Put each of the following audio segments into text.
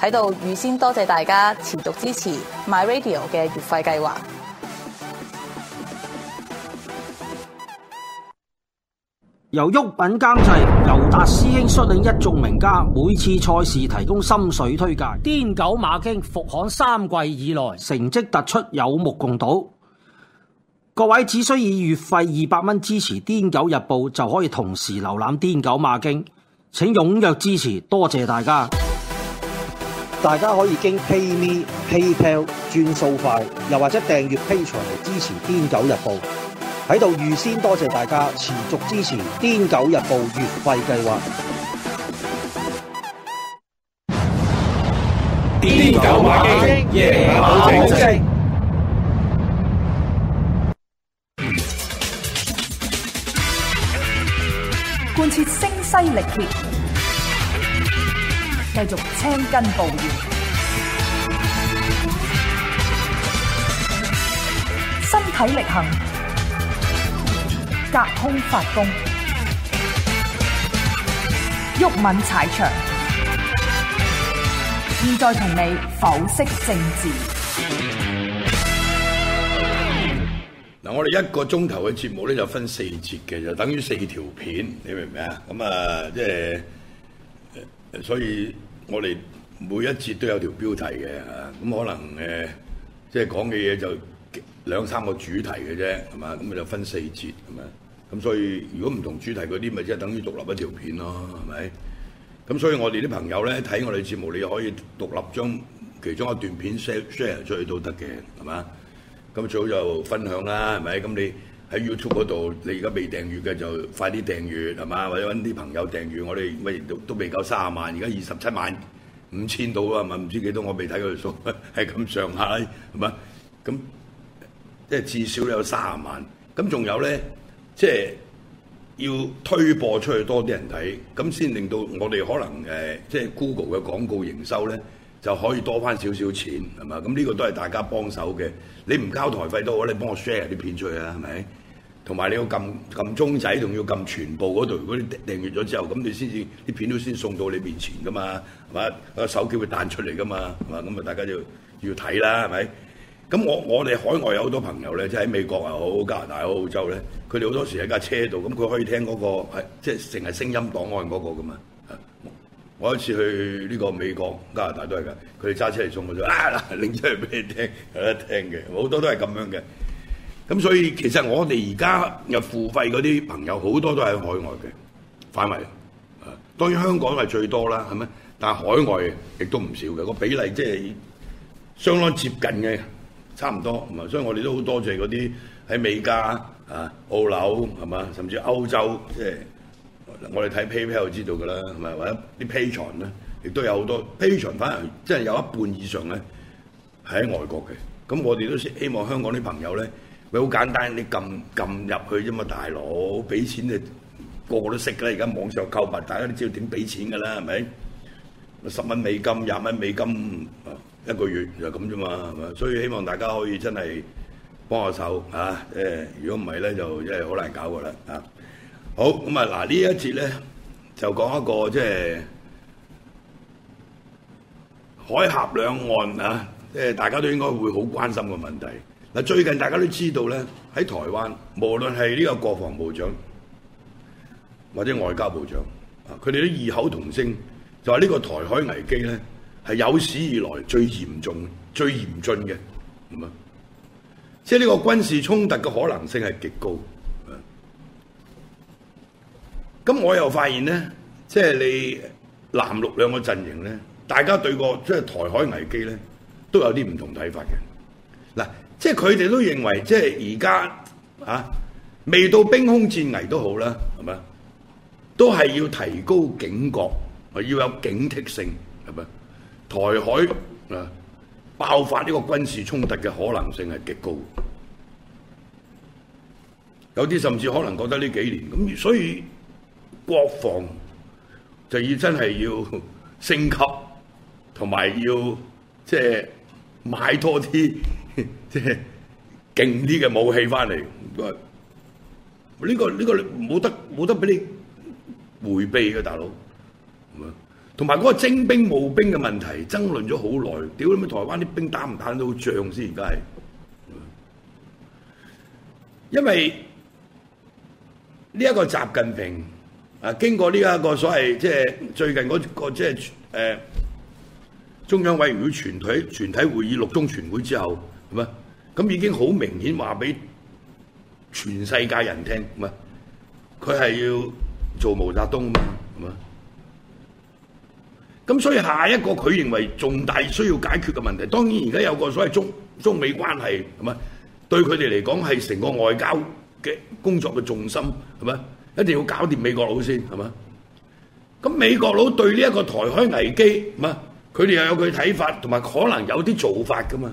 喺度預先多謝大家持續支持 My Radio 嘅月費計劃。由郁品監製，游達師兄率領一眾名家，每次賽事提供心水推介。癲狗馬經復刊三季以來，成績突出有目共睹。各位只需要以月費二百蚊支持癲狗日報，就可以同時瀏覽癲狗馬經。請踴躍支持，多謝大家。大家可以經 PayMe、PayPal 轉數快，又或者訂閱 Patreon 嚟支持《癲狗日報》。喺度預先多謝大家持續支持《癲狗日報》月費計劃。癲狗馬經夜馬！貫徹聲嘶力竭。繼續青筋暴裂，身體力行，隔空發功，毓民踩場。現在同你剖析政治。嗱，我哋一個鐘頭嘅節目咧，就分四節嘅，就等於四條片，你明唔明啊？咁啊，即、呃、係、呃，所以。我哋每一節都有條標題嘅，咁可能誒，即係講嘅嘢就兩三個主題嘅啫，係嘛？咁咪就分四節，係咪？咁所以如果唔同主題嗰啲，咪即係等於獨立一條片咯，係咪？咁所以我哋啲朋友咧，睇我哋節目，你可以獨立將其中一段片 share share 出去都得嘅，係嘛？咁最好就分享啦，係咪？咁你。喺 YouTube 度，你而家未訂閱嘅就快啲訂閱，係嘛？或者揾啲朋友訂閱。我哋乜嘢都都未夠三啊萬，而家二十七萬五千到啊，咪唔知幾多？我未睇嗰條數，係咁上下啦，係嘛？咁即係至少有三啊萬。咁仲有咧，即係要推播出去多啲人睇，咁先令到我哋可能誒，即係 Google 嘅廣告營收咧，就可以多翻少少錢，係嘛？咁呢個都係大家幫手嘅。你唔交台費都好，你幫我 share 啲片出去啦，係咪？同埋你要撳撳鐘仔，仲要撳全部嗰度。如果你訂閱咗之後，咁你先至啲片都先送到你面前噶嘛，係嘛？個手機會彈出嚟噶嘛，係嘛？咁啊，大家就要睇啦，係咪？咁我我哋海外有好多朋友咧，即係喺美國又好，加拿大又好，澳洲咧，佢哋好多時喺架車度，咁佢可以聽嗰、個即係成日聲音檔案嗰個噶嘛。我有一次去呢個美國、加拿大都係㗎，佢哋揸車嚟送我就啊，拎出嚟俾你聽，有得聽嘅，好多都係咁樣嘅。咁所以其實我哋而家又付費嗰啲朋友好多都喺海外嘅範圍，啊當然香港係最多啦，係咪？但係海外亦都唔少嘅個比例，即係相當接近嘅，差唔多。係，所以我哋都好多謝嗰啲喺美加啊、澳紐係嘛，甚至歐洲，即係我哋睇 PayPal 就知道㗎啦，係咪？或者啲 Patreon 呢，亦都有好多 Patreon 反而即係有一半以上咧係喺外國嘅。咁我哋都希望香港啲朋友咧。咪好簡單，你撳撳入去啫嘛，大佬俾錢啊，個個都識㗎啦。而家網上購物，大家都知道點俾錢㗎啦，係咪？十蚊美金、廿蚊美金，一個月就咁啫嘛，係咪？所以希望大家可以真係幫下手嚇。誒，如果唔係咧，就真係好難搞㗎啦。啊，好，咁啊，嗱，呢一節咧就講一個即係海峽兩岸啊，即係大家都應該會好關心嘅問題。嗱，最近大家都知道咧，喺台灣，無論係呢個國防部長或者外交部長，啊，佢哋都異口同聲，就話呢個台海危機咧係有史以來最嚴重的、最嚴峻嘅，咁、嗯、啊，即係呢個軍事衝突嘅可能性係極高，咁、嗯、我又發現咧，即、就、係、是、你藍綠兩個陣營咧，大家對個即係台海危機咧都有啲唔同睇法嘅，嗱、嗯。即係佢哋都認為現在，即係而家啊，未到兵凶戰危都好啦，係咪？都係要提高警覺，係要有警惕性，係咪？台海啊，爆發呢個軍事衝突嘅可能性係極高，有啲甚至可能覺得呢幾年咁，所以國防就要真係要升級，同埋要即係、就是、買多啲。即係勁啲嘅武器翻嚟，呢個呢個冇得冇得俾你回避嘅，大佬，同埋嗰個徵兵募兵嘅問題爭論咗好耐，屌你咪台灣啲兵打唔打到仗先而家係，因為呢一個習近平啊，經過呢一個所謂即係最近嗰個即係誒中央委員會全體全體會議六中全會之後。係嘛？咁已經好明顯話俾全世界人聽，係嘛？佢係要做毛澤東嘛？咁所以下一個佢認為重大需要解決嘅問題，當然而家有個所謂中中美關係，係嘛？對佢哋嚟講係成個外交嘅工作嘅重心，係嘛？一定要搞掂美國佬先，係嘛？咁美國佬對呢一個台海危機，係嘛？佢哋又有佢睇法，同埋可能有啲做法噶嘛？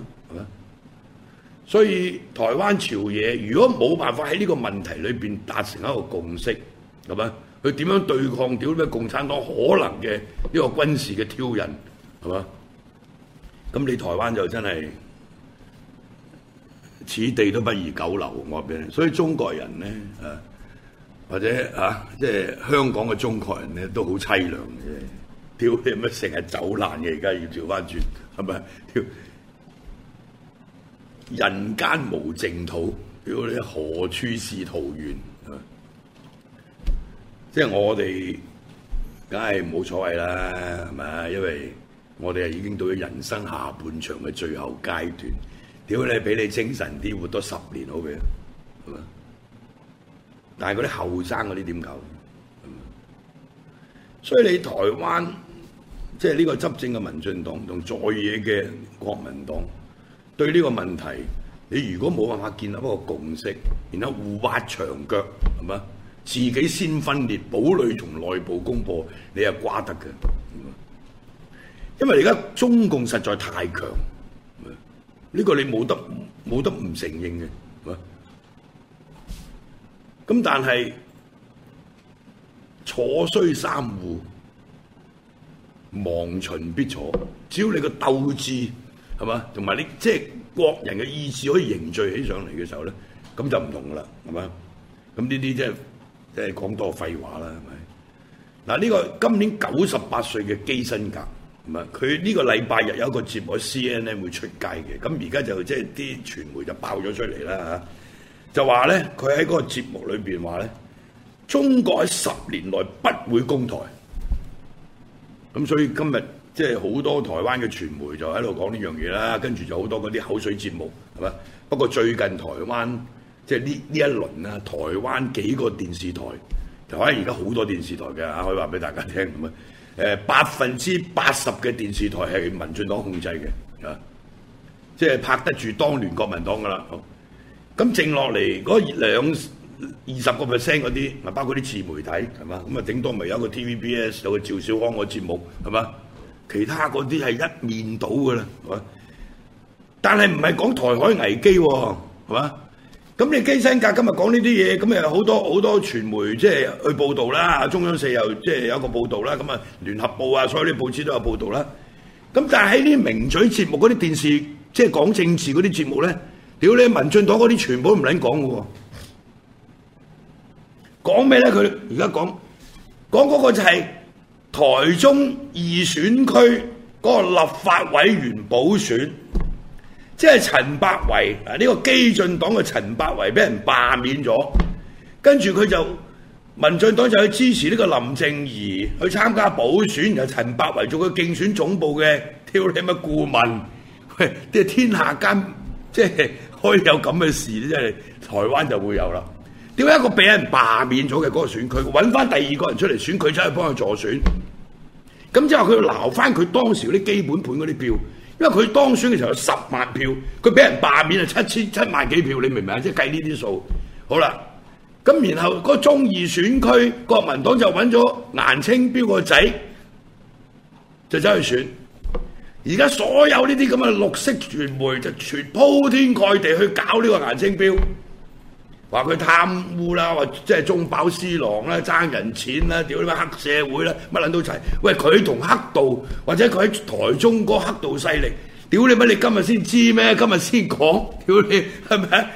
所以台灣朝野如果冇辦法喺呢個問題裏邊達成一個共識，係咪？佢點樣對抗掉咩？共產黨可能嘅呢、呢個軍事嘅挑釁，係嘛？咁你台灣就真係此地都不宜久留，我話俾你。所以中國人咧，誒、嗯、或者啊，即、就、係、係、香港嘅中國人咧，都好凄涼嘅。屌你，乜成日走難嘅，而家要調翻轉，係咪？人間無淨土，屌你何處是桃源？即係、就是、我哋，梗係冇所謂啦，係嘛？因為我哋係已經到咗人生下半場嘅最後階段，屌你俾你精神啲活多十年好嘅，係嘛？但係嗰啲後生嗰啲點搞？所以你台灣，即係呢個執政嘅民進黨同在野嘅國民黨。對呢個問題，你如果冇辦法建立一個共識，然後互挖牆腳，係咪？自己先分裂堡壘，從內部攻破，你係瓜得嘅。因為而家中共實在太強，呢個你冇得冇得唔承認嘅。咁但係楚雖三戶，亡秦必楚。只要你個鬥志。係嘛？同埋你即係、就是、國人嘅意志可以凝聚起上嚟嘅時候咧，咁就唔同噶啦，係嘛？咁呢啲即係即係講多廢話啦，係咪？嗱、啊，呢、呢個今年九十八歲嘅基辛格，唔係佢呢個禮拜日有一個節目喺 C N N 會出街嘅，咁而家就即係啲傳媒就爆咗出嚟啦嚇，就話咧佢喺嗰個節目裏邊話咧，中國喺十年內不會攻台，咁所以今日。即係好多台灣嘅傳媒在這就喺度講呢樣嘢啦，跟住就好多嗰啲口水節目，係咪？不過最近台灣即係呢呢一輪啊，台灣幾個電視台，台灣而家好多電視台嘅啊，可以話俾大家聽咁啊。誒，百分之八十嘅電視台係民進黨控制嘅啊，即係、就是、拍得住當年國民黨噶啦。咁剩落嚟嗰二十個 percent 嗰啲，咪包括啲自媒體係咪？咁啊，頂多咪有一個 TVBS 有個趙小康個節目係咪？其他嗰啲係一面倒嘅啦，係嘛？但係唔係講台海危機喎，係嘛？咁你基辛格今日講呢啲嘢，咁又好多好多傳媒即係去報導啦，中央四又即係有個報導啦，咁啊聯合報啊，所有啲報紙都有報導啦。咁但係喺啲名嘴節目、嗰啲電視即係講政治嗰啲節目咧，屌你民進黨嗰啲全部都唔撚講嘅喎，講咩咧？佢而家講講嗰個就係台中二選區嗰個立法委員補選，即係陳百為啊，呢個基進黨嘅陳百為俾人罷免咗，跟住佢就民進黨就去支持呢個林靜怡去參加補選，然後陳百為做佢競選總部嘅挑釁嘅顧問，即係天下間即係、就是、可以有咁嘅事，即係台灣就會有啦。點解一個俾人罷免咗嘅嗰個選區，揾翻第二個人出嚟選佢，走去幫佢助選？咁之後佢要撈翻佢當時嗰啲基本盤嗰啲票，因為佢當選嘅時候有十萬票，佢俾人罷免啊七千七萬幾票，你明唔明啊？即係計呢啲數，好啦，咁然後嗰中二選區國民黨就揾咗顏清標個仔，就走去選，而家所有呢啲咁嘅綠色傳媒就全鋪天蓋地去搞呢個顏清標。話佢貪污啦，或即係中飽私囊啦，爭人錢啦，屌你乜黑社會啦，乜捻都齊。喂，佢同黑道，或者佢喺台中嗰黑道勢力，屌你乜？你今日先知咩？今日先講，屌你，係咪？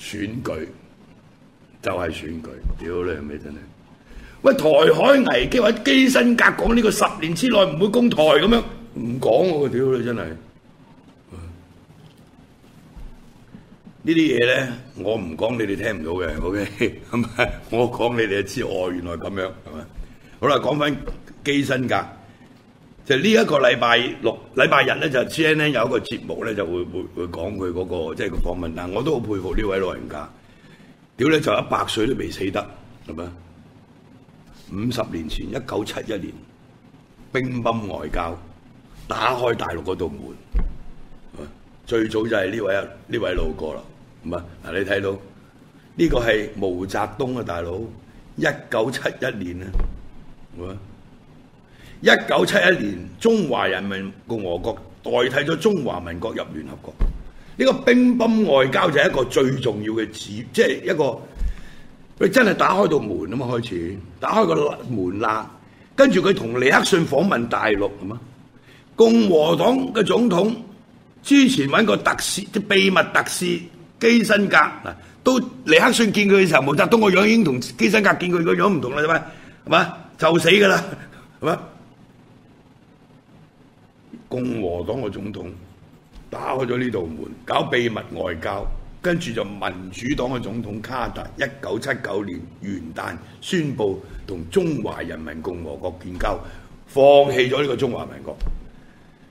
選舉就係、是、選舉，屌你係咪真係？喂，台海危機或者基辛格講呢個十年之內唔會攻台咁樣，唔講我屌你真係。真這東西呢啲嘢咧，我唔講你哋聽唔到嘅，OK？咁 我講你哋就知哦，原來咁樣，係咪？好啦，講翻基辛格。就呢、是、一個禮拜六禮拜日咧，就 CNN、是、有一個節目咧，就會會會講佢嗰個即係、就是、個訪問。但我都好佩服呢位老人家，屌咧就一百歲都未死得，係咪？五十年前，一九七一年，乒乓外交打開大陸嗰道門，最早就係呢位呢位老哥啦。唔係嗱，你睇到呢、這個係毛澤東嘅大佬，一九七一年啊，一九七一年，年中華人民共和國代替咗中華民國入聯合國，呢、這個乒乓外交就係一個最重要嘅字，即、就、係、是、一個佢真係打開到門啊嘛，開始打開個門罅，跟住佢同尼克遜訪問大陸咁嘛？共和黨嘅總統之前揾個特使，啲秘密特使。基辛格嗱，都尼克遜見佢嘅時候，毛澤東個樣已經同基辛格見佢個樣唔同啦，咋嘛？係嘛？就死噶啦，係嘛？共和黨嘅總統打開咗呢道門，搞秘密外交，跟住就民主黨嘅總統卡特，一九七九年元旦宣布同中華人民共和國建交，放棄咗呢個中華民國。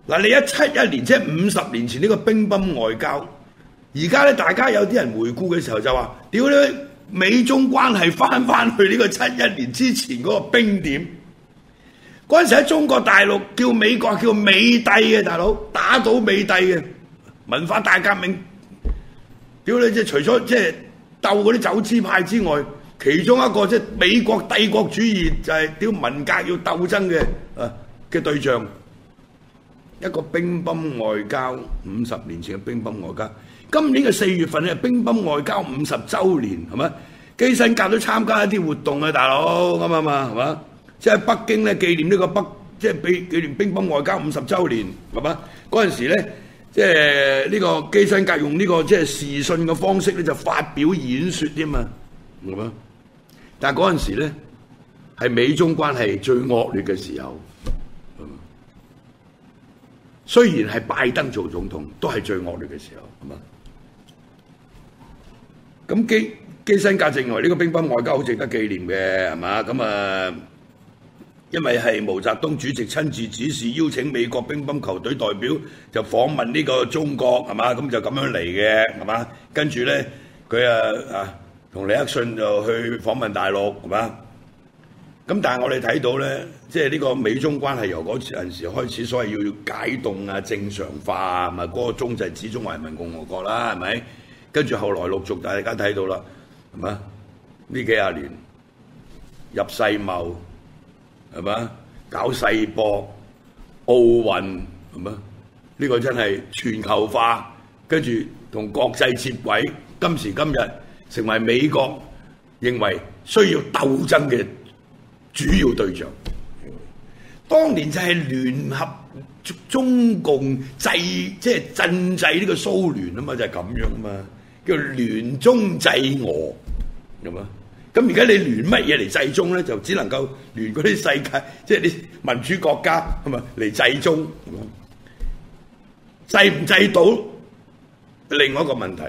嗱，你一七一年即係五十年前呢個乒乓外交。而家咧，大家有啲人回顧嘅時候就話，屌你，美中關係翻翻去呢個七一年之前嗰個冰點。嗰陣時喺中國大陸叫美國叫美帝嘅大佬，打倒美帝嘅文化大革命。屌你！即係除咗即係鬥嗰啲走資派之外，其中一個即係美國帝國主義就係屌文革要鬥爭嘅啊嘅對象。一個乒乓，外交五十年前嘅乒乓外交，今年嘅四月份咧，乒乓外交五十周年係嘛？基辛格都參加一啲活動啊，大佬咁啊嘛，係嘛？即係、就是、北京咧紀念呢個北，即係紀紀念乒乓外交五十周年係嘛？嗰陣時咧，即係呢個基辛格用呢、這個即係、就是、視訊嘅方式咧，就發表演説添嘛，係嘛？但係嗰陣時咧，係美中關係最惡劣嘅時候。雖然係拜登做總統，都係最惡劣嘅時候，係嘛？咁基基辛格認為，呢個乒乓外交好值得紀念嘅，係嘛？咁啊，因為係毛澤東主席親自指示邀請美國乒乓球隊代表就訪問呢個中國，係嘛？咁就咁樣嚟嘅，係嘛？跟住呢，佢啊啊，同尼克遜就去訪問大陸，係嘛？咁但係我哋睇到咧，即係呢個美中關係由嗰陣時開始，所謂要解凍啊、正常化啊，咪嗰個中就係指中華人民共和國啦，係咪？跟住後來陸續大家睇到啦，係嘛？呢幾廿年入世貿係嘛？搞世博、奧運係嘛？呢個真係全球化，跟住同國際接軌，今時今日成為美國認為需要鬥爭嘅。主要對象，當年就係聯合中共制，即係鎮制呢個蘇聯啊嘛，就係咁樣啊嘛，叫聯中制俄，係嘛？咁而家你聯乜嘢嚟制中咧？就只能夠聯嗰啲世界，即係啲民主國家係嘛嚟制中，係嘛？制唔制到，另外一個問題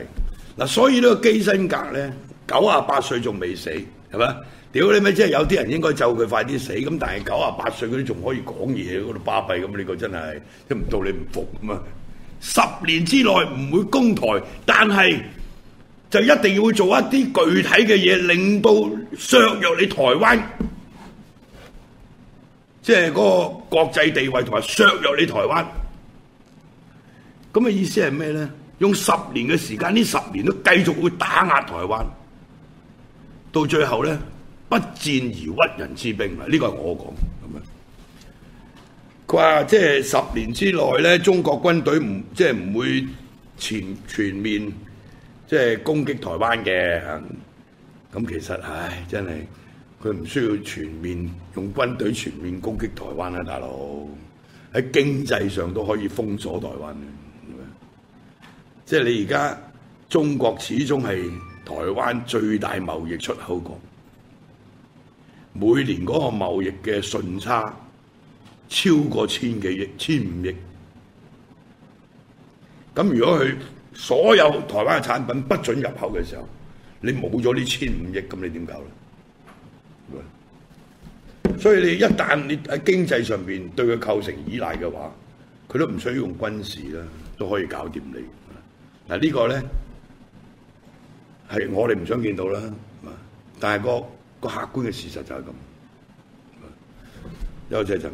嗱，所以呢個基辛格咧，九啊八歲仲未死，係嘛？屌你咪即係有啲人應該就佢快啲死咁，但係九啊八歲九十八歲嗰啲仲可以講嘢嗰度巴閉咁，呢個真係即係唔到你唔服咁啊！十年之內唔會攻台，但係就一定要做一啲具體嘅嘢，令到削弱你台灣，即係嗰個國際地位同埋削弱你台灣。咁嘅意思係咩咧？用十年嘅時間，呢十年都繼續會打壓台灣，到最後咧。不戰而屈人之兵，唔係呢個係我講咁啊。佢話即係十年之內咧，中國軍隊唔即係唔會全全面即係、就是、攻擊台灣嘅。咁、啊、其實唉，真係佢唔需要全面用軍隊全面攻擊台灣啊，大佬喺經濟上都可以封鎖台灣。即係、就是、你而家中國始終係台灣最大貿易出口國。每年嗰個貿易嘅順差超過千幾億、千五億。咁如果佢所有台灣嘅產品不准入口嘅時候，你冇咗呢千五億，咁你點搞咧？所以你一旦你喺經濟上面對佢構成依賴嘅話，佢都唔需要用軍事啦，都可以搞掂你。嗱，呢個咧，係我哋唔想見到啦。但係個客觀嘅事實就係咁啊，邱先生。